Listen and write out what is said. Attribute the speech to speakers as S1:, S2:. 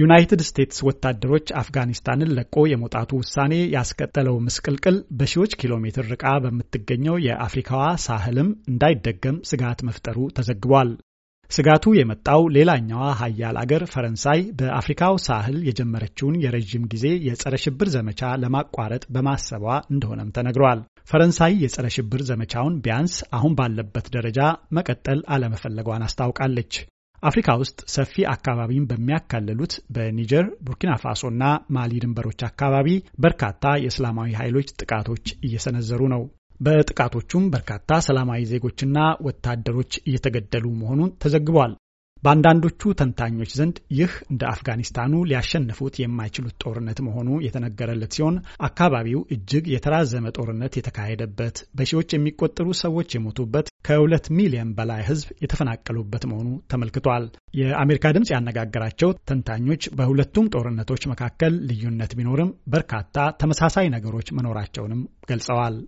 S1: ዩናይትድ ስቴትስ ወታደሮች አፍጋኒስታንን ለቆ የመውጣቱ ውሳኔ ያስቀጠለው ምስቅልቅል በሺዎች ኪሎ ሜትር ርቃ በምትገኘው የአፍሪካዋ ሳህልም እንዳይደገም ስጋት መፍጠሩ ተዘግቧል። ስጋቱ የመጣው ሌላኛዋ ሀያል አገር ፈረንሳይ በአፍሪካው ሳህል የጀመረችውን የረዥም ጊዜ የጸረ ሽብር ዘመቻ ለማቋረጥ በማሰቧ እንደሆነም ተነግሯል። ፈረንሳይ የጸረ ሽብር ዘመቻውን ቢያንስ አሁን ባለበት ደረጃ መቀጠል አለመፈለጓን አስታውቃለች። አፍሪካ ውስጥ ሰፊ አካባቢን በሚያካልሉት በኒጀር፣ ቡርኪና ፋሶ እና ማሊ ድንበሮች አካባቢ በርካታ የእስላማዊ ኃይሎች ጥቃቶች እየሰነዘሩ ነው። በጥቃቶቹም በርካታ ሰላማዊ ዜጎችና ወታደሮች እየተገደሉ መሆኑን ተዘግቧል። በአንዳንዶቹ ተንታኞች ዘንድ ይህ እንደ አፍጋኒስታኑ ሊያሸንፉት የማይችሉት ጦርነት መሆኑ የተነገረለት ሲሆን አካባቢው እጅግ የተራዘመ ጦርነት የተካሄደበት፣ በሺዎች የሚቆጠሩ ሰዎች የሞቱበት፣ ከሁለት ሚሊዮን በላይ ሕዝብ የተፈናቀሉበት መሆኑ ተመልክቷል። የአሜሪካ ድምፅ ያነጋገራቸው ተንታኞች በሁለቱም ጦርነቶች መካከል ልዩነት ቢኖርም በርካታ ተመሳሳይ ነገሮች መኖራቸውንም ገልጸዋል።